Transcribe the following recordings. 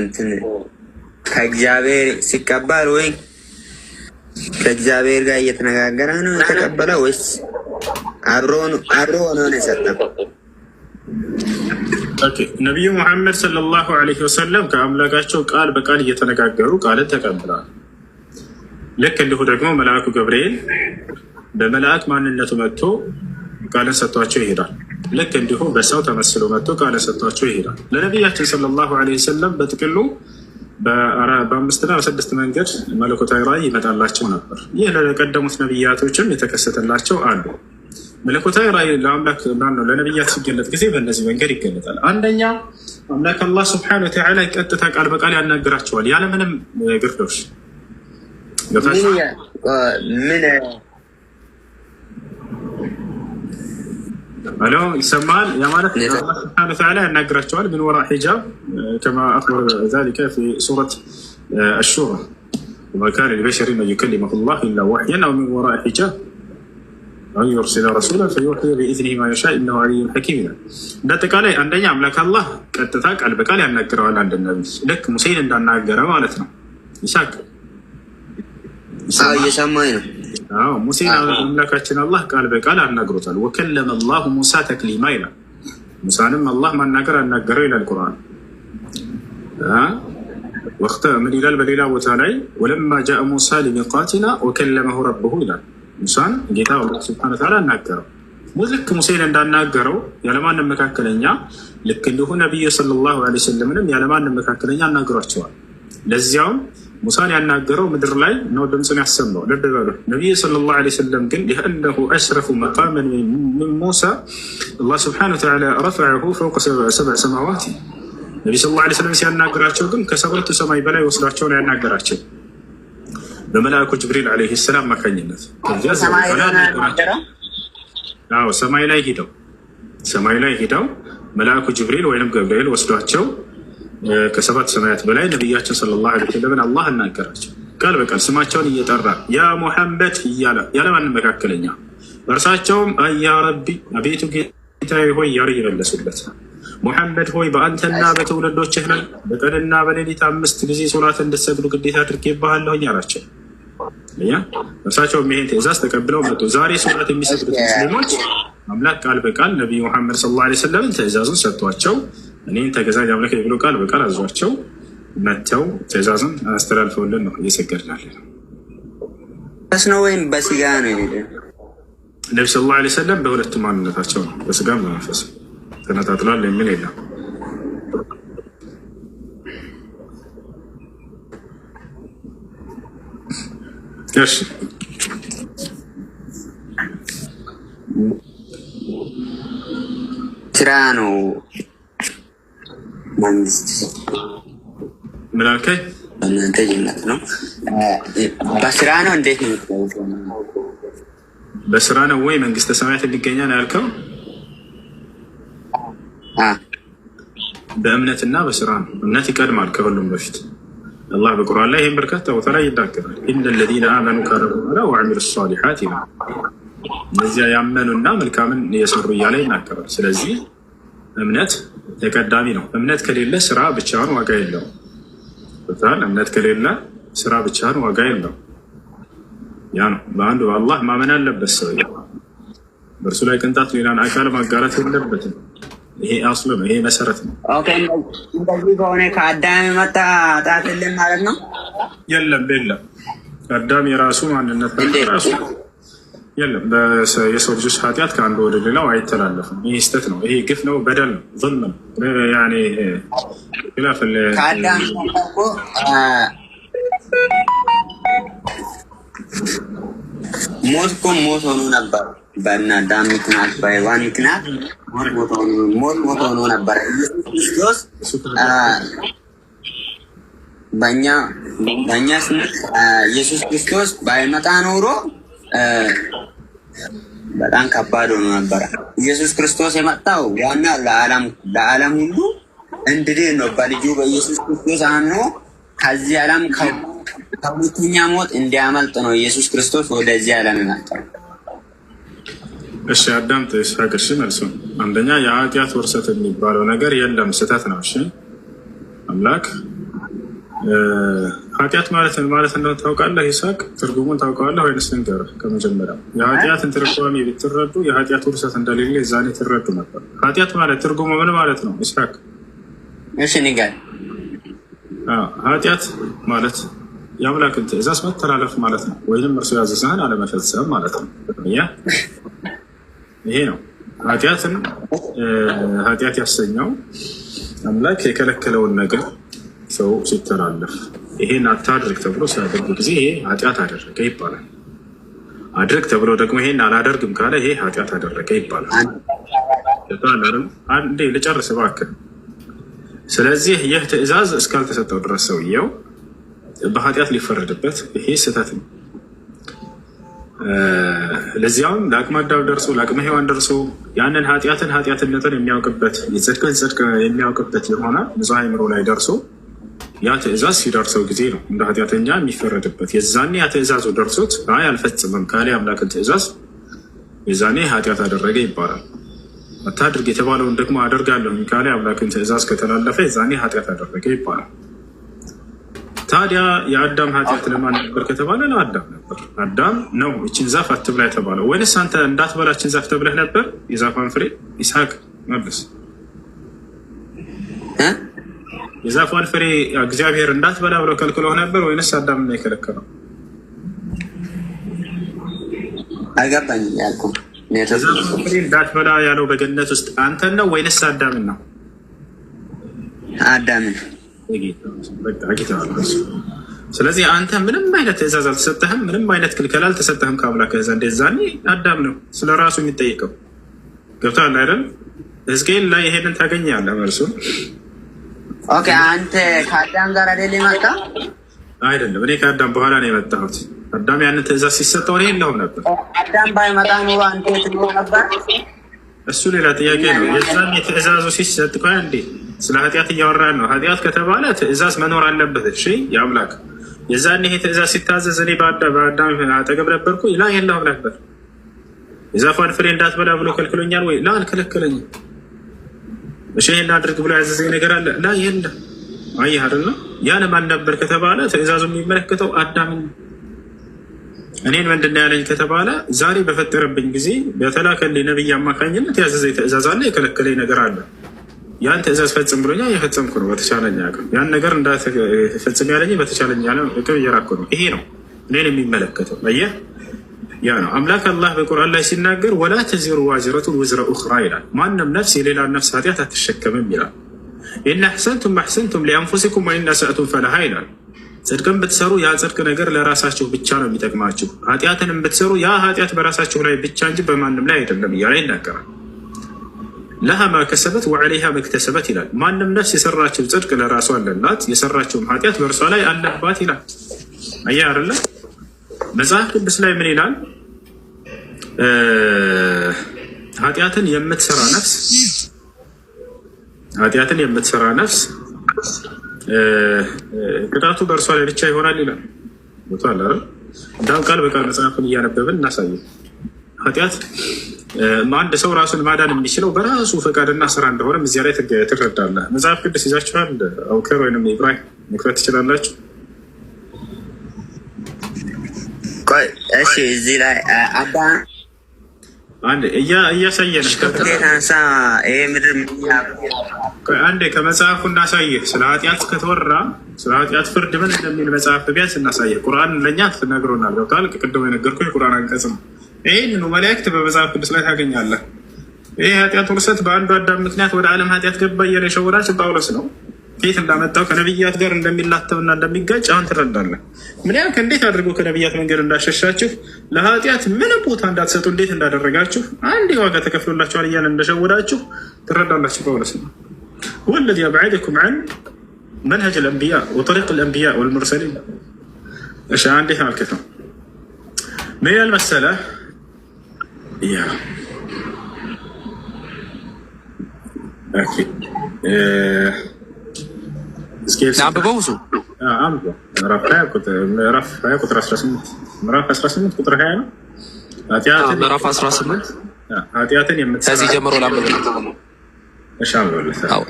እንትን ከእግዚአብሔር ሲቀበል ወይ ከእግዚአብሔር ጋር እየተነጋገረ ነው የተቀበለ ወይስ አድሮ ሆኖ ነው የሰጠው? ነቢዩ ሙሐመድ ሰለላሁ አለይሂ ወሰለም ከአምላካቸው ቃል በቃል እየተነጋገሩ ቃልን ተቀብለዋል። ልክ እንዲሁ ደግሞ መልአኩ ገብርኤል በመልአክ ማንነቱ መጥቶ ቃልን ሰጥቷቸው ይሄዳል። ልክ እንዲሁም በሰው ተመስሎ መጥቶ ቃለ ሰጥቷቸው ይሄዳል። ለነቢያችን ሰለላሁ ዐለይሂ ወሰለም በጥቅሉ በአምስትና በስድስት መንገድ መለኮታዊ ራዕይ ይመጣላቸው ነበር። ይህ ለቀደሙት ነቢያቶችም የተከሰተላቸው አሉ። መለኮታዊ ራዕይ ለአምላክ ማነው ለነቢያት ሲገለጥ ጊዜ በእነዚህ መንገድ ይገለጣል። አንደኛ አምላክ አላህ ሱብሓነሁ ወተዓላ ቀጥታ ቃል በቃል ያናገራቸዋል ያለምንም ግርዶሽ الو يسمعون يا مالك الله سبحانه وتعالى ان السؤال من وراء حجاب كما اخبر ذلك في سوره آه، الشورى وما كان لبشر ان يكلمه الله الا وحيا او من وراء حجاب ان يرسل رسولا فيوحي باذنه ما يشاء انه علي حكيم بتقالي عندنا املاك الله كتتاك على بقالي ينقراوا عند النبي لك مسيل مالتنا موسى اندناقره معناتنا يساك اه يسمعينه ሙሴን አምላካችን አላህ ቃል በቃል አናግሮታል። ወከለመ አላሁ ሙሳ ተክሊማ ይላል። ሙሳንም አላህ ማናገር አናገረው ይላል ቁርአን። ምን ይላል በሌላ ቦታ ላይ? ወለማ ጃአ ሙሳ ሊሚቃቲና ወከለመሁ ረብሁ ይላል። ሙሳን ጌታ ስብሐነ ወተዓላ አናገረው። ልክ ሙሴን እንዳናገረው ያለማንም መካከለኛ ልክ እንዲሁ ነቢዩ ሰለላሁ ዐለይሂ ወሰለምንም ያለማንም መካከለኛ አናግሯቸዋል። ለዚያውም ሙሳን ያናገረው ምድር ላይ ነው ድምፅን ያሰማው። ልድበሉ ነቢይ ሰለላሁ ዐለይሂ ወሰለም ግን ሊአነሁ አሽረፉ መቃመን ምን ሙሳ አላህ ስብሐነሁ ወተዓላ ረፈዐሁ ፈውቀ ሰብዕ ሰማዋት። ነቢይ ሰለላሁ ዐለይሂ ወሰለም ሲያናገራቸው ግን ከሰባቱ ሰማይ በላይ ወስዳቸው ነው ያናገራቸው በመልአኩ ጅብሪል ዐለይሂ ሰላም አማካኝነት። ሰማይ ላይ ሂደው ሰማይ ላይ ሂደው መልአኩ ጅብሪል ወይም ገብርኤል ወስዷቸው ከሰባት ሰማያት በላይ ነቢያችን ሰለላሁ ዐለይሂ ወሰለምን አላህ እናገራቸው ቃል በቃል ስማቸውን እየጠራ ያ ሙሐመድ እያለ ያለማንም መካከለኛ እርሳቸውም አያ ረቢ አቤቱ ጌታዬ ሆይ ያሉ እየመለሱለት ሙሐመድ ሆይ በአንተና በትውልዶችህ ላይ በቀንና በሌሊት አምስት ጊዜ ሶላት እንድትሰግዱ ግዴታ አድርጌብሃለሁኝ አላቸው። እርሳቸውም ይሄን ትእዛዝ ተቀብለው መጡ። ዛሬ ሶላት የሚሰግዱት ሙስሊሞች አምላክ ቃል በቃል ነቢይ ሙሐመድ ሰለላሁ ዐለይሂ ወሰለምን ትእዛዙን ሰጥቷቸው እኔን ተገዛኝ አምልክ ብሎ ቃል በቃል አዟቸው መተው ትእዛዝን አስተላልፈውልን ነው እየሰገድናለን ነው። ወይም በስጋ ነው ሄደ ነቢ ስ ላ ሰለም በሁለቱም ማንነታቸው ነው፣ በስጋም በመንፈስ ተነጣጥሏል የሚል የለም። እሺ ስራ ነው መንግስት ምን አልከኝ? በእናንተ ልዩነት ነው። በስራ ነው እንዴት ነው? በስራ ነው ወይ መንግስተ ሰማያት እንገኛል ያልከው? በእምነትና በስራ ነው። እምነት ይቀድማል ከሁሉም በፊት። አላህ በቁርአን ላይ ይህም በርካታ ቦታ ላይ ይናገራል። ኢነ ለዚነ አመኑ ካለ በኋላ ወአሚሉ ሷሊሓት ይላል። እነዚያ ያመኑና መልካምን የሰሩ እያለ ይናገራል። ስለዚህ እምነት ተቀዳሚ ነው። እምነት ከሌለ ስራ ብቻህን ዋጋ የለው። የለውም። እምነት ከሌለ ስራ ብቻህን ዋጋ የለው። ያ ነው በአንዱ በአላህ ማመን አለበት። ሰው በእርሱ ላይ ቅንጣት ሌላን አካል ማጋራት የለበትም። ይሄ አስሉ ነው። ይሄ መሰረት ነው። እንደዚህ ከሆነ ከአዳም የመጣ ጣት የለም ማለት ነው። የለም የለም። አዳም የራሱ ማንነት ራሱ የለም የሰው ልጆች ኃጢአት ከአንዱ ወደ ሌላው አይተላለፍም። ይህ ስህተት ነው። ይሄ ግፍ ነው፣ በደል ነው፣ ዝም ነው። ሞት እኮ ሞት ሆኖ ነበር። በአዳም ምክንያት፣ በሔዋን ምክንያት ሞት ሞት ሆኖ ነበር። ኢየሱስ በእኛ ስ ኢየሱስ ክርስቶስ ባይመጣ ኖሮ በጣም ከባድ ሆኖ ነበረ። ኢየሱስ ክርስቶስ የመጣው ዋና ለዓለም ሁሉ እንድድን ነው። በልጁ በኢየሱስ ክርስቶስ አምኖ ከዚህ ዓለም ከሁለተኛ ሞት እንዲያመልጥ ነው ኢየሱስ ክርስቶስ ወደዚህ ዓለም የመጣው። እሺ አዳምጥ ይስሐቅ። እሺ መልሱ አንደኛ የኃጢአት ውርሰት የሚባለው ነገር የለም፣ ስህተት ነው። እሺ አምላክ ኃጢአት ማለት ማለት እንደሆነ ታውቃለህ? ይሳቅ ትርጉሙን ታውቀዋለህ ወይንስ ልንገርህ? ከመጀመሪያ የኃጢአትን ትርጓሜ ብትረዱ የኃጢአት ውርሰት እንደሌለ ዛኔ ትረዱ ነበር። ኃጢአት ማለት ትርጉሙ ምን ማለት ነው? ይሳቅ እሺ፣ ንገር። ኃጢአት ማለት የአምላክን ትእዛዝ መተላለፍ ማለት ነው፣ ወይም እርሱ ያዘዘህን አለመፈጸም ማለት ነው። ያ ይሄ ነው ኃጢአትን ኃጢአት ያሰኘው አምላክ የከለከለውን ነገር ሰው ሲተላለፍ ይሄን አታድርግ ተብሎ ሲያደርግ ጊዜ ይሄ ኃጢአት አደረገ ይባላል። አድርግ ተብሎ ደግሞ ይሄን አላደርግም ካለ ይሄ ኃጢአት አደረገ ይባላል። አንዴ ልጨርስ እባክህ። ስለዚህ ይህ ትዕዛዝ እስካልተሰጠው ድረስ ሰውየው በኃጢአት ሊፈረድበት ይሄ ስህተት ነው። ለዚያውም ለአቅመ አዳም ደርሶ ለአቅመ ሔዋን ደርሶ ያንን ኃጢአትን ኃጢአትነትን የሚያውቅበት የጽድቅን ጽድቅ የሚያውቅበት የሆነ ብዙ አእምሮ ላይ ደርሶ ያ ትእዛዝ ሲደርሰው ጊዜ ነው እንደ ኃጢአተኛ የሚፈረድበት። የዛኔ ያ ትእዛዙ ደርሶት አይ አልፈጽምም ካለ አምላክን ትእዛዝ የዛኔ ኃጢአት አደረገ ይባላል። አታድርግ የተባለውን ደግሞ አደርጋለሁ ካለ አምላክን ትእዛዝ ከተላለፈ የዛኔ ኃጢአት አደረገ ይባላል። ታዲያ የአዳም ኃጢአት ለማን ነበር ከተባለ ለአዳም ነበር። አዳም ነው እችን ዛፍ አትብላ የተባለው። ወይንስ አንተ እንዳትበላችን ዛፍ ተብለህ ነበር? የዛፋን ፍሬ ይስሐቅ መልስ የዛፏን ፍሬ እግዚአብሔር እንዳትበላ ብለው ከልክለው ነበር ወይንስ አዳም ነው የከለከለው? አልገባኝም ያልኩህ። እንዳትበላ ያለው በገነት ውስጥ አንተን ነው ወይንስ አዳምን ነው? አዳምን። ስለዚህ አንተ ምንም አይነት ትእዛዝ አልተሰጠህም፣ ምንም አይነት ክልከላ አልተሰጠህም ከአምላክ ዘንድ። የዛኔ አዳም ነው ስለ ራሱ የሚጠይቀው። ገብቶሃል አይደል? ሕዝቅኤል ላይ ይሄንን ታገኛለህ መልሱን ኦኬ አንተ ከአዳም ጋር አይደል የመጣ አይደለም። እኔ ከአዳም በኋላ ነው የመጣሁት። አዳም ያንን ትእዛዝ ሲሰጠው እኔ የለሁም ነበር። አዳም ባይመጣ ኑሮ አንተ ትኖር ነበር። እሱ ሌላ ጥያቄ ነው። የዛን የትእዛዙ ሲሰጥ ቆይ አንዴ፣ ስለ ኃጢአት እያወራን ነው። ኃጢአት ከተባለ ትእዛዝ መኖር አለበት። እሺ የአምላክ የዛን ይሄ ትእዛዝ ሲታዘዝ እኔ በአዳም አጠገብ ነበርኩ ላ የለሁም ነበር። የዛፏን ፍሬ እንዳትበላ ብሎ ከልክሎኛል ወይ? ላ አልከለከለኝም እሺ ይሄን አድርግ ብሎ ያዘዘኝ ነገር አለ ላ ይሄን አየህ አይደል? ያ ለማን ነበር ከተባለ ትእዛዙ የሚመለከተው አዳምን። እኔን ምንድን ነው ያለኝ ከተባለ ዛሬ በፈጠረብኝ ጊዜ በተላከልኝ ነብይ አማካኝነት ያዘዘኝ ትእዛዝ አለ፣ የከለከለኝ ነገር አለ። ያን ትእዛዝ ፈጽም ብሎኛ የፈጸምኩ ነው በተቻለኝ አቅም። ያን ነገር እንዳትፈጽም ያለኝ በተቻለኝ ያለ አቅም እየራኩ ነው። ይሄ ነው እኔን የሚመለከተው አየህ ያ ነው አምላክ አላህ በቁርአን ላይ ሲናገር ወላ ተዚሩ ዋዝረቱን ውዝረ ኡኽራ ይላል። ማንም ነፍስ የሌላ ነፍስ ኃጢአት አትሸከምም ይላል። ኢነ አሕሰንቱም አሕሰንቱም ሊአንፉሲኩም ወኢን አስአቱም ፈለሃ ይላል። ጽድቅን ብትሰሩ ያ ጽድቅ ነገር ለራሳችሁ ብቻ ነው የሚጠቅማችሁ፣ ኃጢአትንም ብትሰሩ ያ ኃጢአት በራሳችሁ ላይ ብቻ እንጂ በማንም ላይ አይደለም እያለ ይናገራል። ለሃ ማከሰበት ወዐለይሃ መክተሰበት ይላል። ማንም ነፍስ የሰራችው ጽድቅ ለራሷ አለላት፣ የሰራችውም ኃጢአት በእርሷ ላይ አለባት ይላል። አያ አይደለም መጽሐፍ ቅዱስ ላይ ምን ይላል? ኃጢአትን የምትሰራ ነፍስ ኃጢአትን የምትሰራ ነፍስ ቅጣቱ በእርሷ ላይ ብቻ ይሆናል ይላል። ቦታል እንዳም ቃል በቃል መጽሐፍን እያነበብን እናሳየን። ኃጢአት አንድ ሰው ራሱን ማዳን የሚችለው በራሱ ፈቃድና ስራ እንደሆነም እዚያ ላይ ትረዳለህ። መጽሐፍ ቅዱስ ይዛችኋል። አውከር ወይም ኢብራሂም መክረት ትችላላችሁ። እሺ፣ እዚህ ላይ አባ አንዴ እያሳየን አንዴ ከመጽሐፉ እናሳየ ስለ ኃጢአት ከተወራ ስለ ኃጢአት ፍርድ ምን እንደሚል መጽሐፍ ቢያንስ እናሳየህ። ቁርአን ለእኛ ትነግሮናል። ገብቶሃል? ቅድም የነገርኩህ የቁርአን አንቀጽ ነው። ይህንኑ መላእክት በመጽሐፍ ቅዱስ ላይ ታገኛለህ። ይህ ኃጢአት ውርሰት በአንዱ አዳም ምክንያት ወደ ዓለም ኃጢአት ገባ እያለ የሸወዳችን ጳውሎስ ነው። እንዴት እንዳመጣው ከነብያት ጋር እንደሚላተብና እንደሚጋጭ አሁን ትረዳለህ። ምን ያህል እንዴት አድርጎ ከነብያት መንገድ እንዳሸሻችሁ፣ ለኃጢአት ምንም ቦታ እንዳትሰጡ እንዴት እንዳደረጋችሁ፣ አንድ ዋጋ ተከፍሎላችኋል እያለ እንደሸወዳችሁ ትረዳላችሁ። በእውነት ነው ወለዚ አብዓደኩም ዐን መንሀጅ ልአንቢያ ወጠሪቅ ልአንቢያ ወልሙርሰሊን። እሺ እንዴት አልክት ነው ምን ያህል መሰለህ ያ ኦኬ አንብበው እሱ ምዕራፍ ሀያ ቁጥር ነው። ምዕራፍ ከዚህ ጀምሮ ላምብ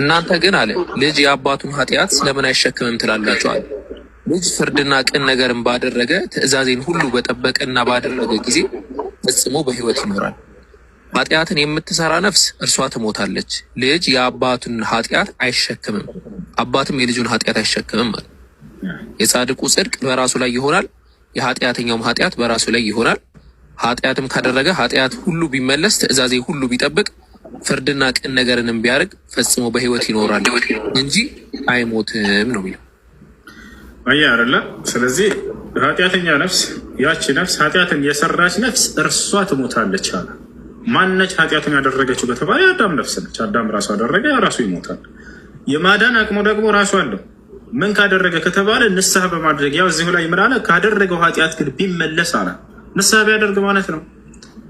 እናንተ ግን አለ ልጅ የአባቱን ኃጢአት ስለምን አይሸክምም ትላላቸዋል? ልጅ ፍርድና ቅን ነገርን ባደረገ ትእዛዜን ሁሉ በጠበቀና ባደረገ ጊዜ ፈጽሞ በህይወት ይኖራል። ኃጢአትን የምትሰራ ነፍስ እርሷ ትሞታለች። ልጅ የአባቱን ኃጢአት አይሸክምም፣ አባትም የልጁን ኃጢአት አይሸክምም ማለት የጻድቁ ጽድቅ በራሱ ላይ ይሆናል፣ የኃጢአተኛውም ኃጢአት በራሱ ላይ ይሆናል። ኃጢአትም ካደረገ ኃጢአት ሁሉ ቢመለስ፣ ትእዛዜ ሁሉ ቢጠብቅ፣ ፍርድና ቅን ነገርንም ቢያደርግ ፈጽሞ በህይወት ይኖራል እንጂ አይሞትም ነው የሚለው አያ አለ። ስለዚህ ኃጢአተኛ ነፍስ ያቺ ነፍስ ኃጢአትን የሰራች ነፍስ እርሷ ትሞታለች አለ። ማነች ኃጢአቱን ያደረገችው በተባለ አዳም ነፍስ ነች። አዳም ራሱ አደረገ፣ ራሱ ይሞታል። የማዳን አቅሙ ደግሞ ራሱ አለው። ምን ካደረገ ከተባለ ንስሐ በማድረግ ያው እዚሁ ላይ ምን አለ? ካደረገው ኃጢአት ግን ቢመለስ አለ። ንስሐ ቢያደርግ ማለት ነው።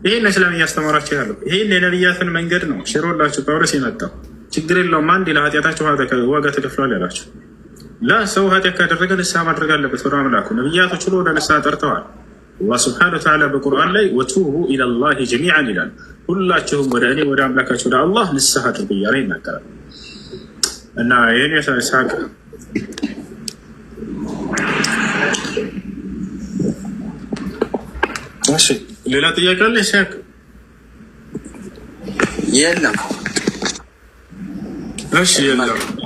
ይህን እስላም እያስተማራቸው ያለው ይህን የነቢያትን መንገድ ነው። ሽሮላቸው ጳውሎስ የመጣው ችግር የለውም አንድ ለኃጢአታቸው ዋጋ ተከፍሏል ያላቸው ለሰው ኃጢአት ካደረገ ንስሐ ማድረግ አለበት ወደ አምላኩ። ነቢያቶች ሁሉ ወደ ንስሐ ጠርተዋል። الله سبحانه وتعالى بالقران لي وتوبوا الى الله جميعا الى كلاتهم ولا اني ولا املكك ولا الله نسها تغيرين ما ترى انا يعني يا اسحاق ماشي ليلا طياك ولا اسحاق؟ يلا ماشي يلا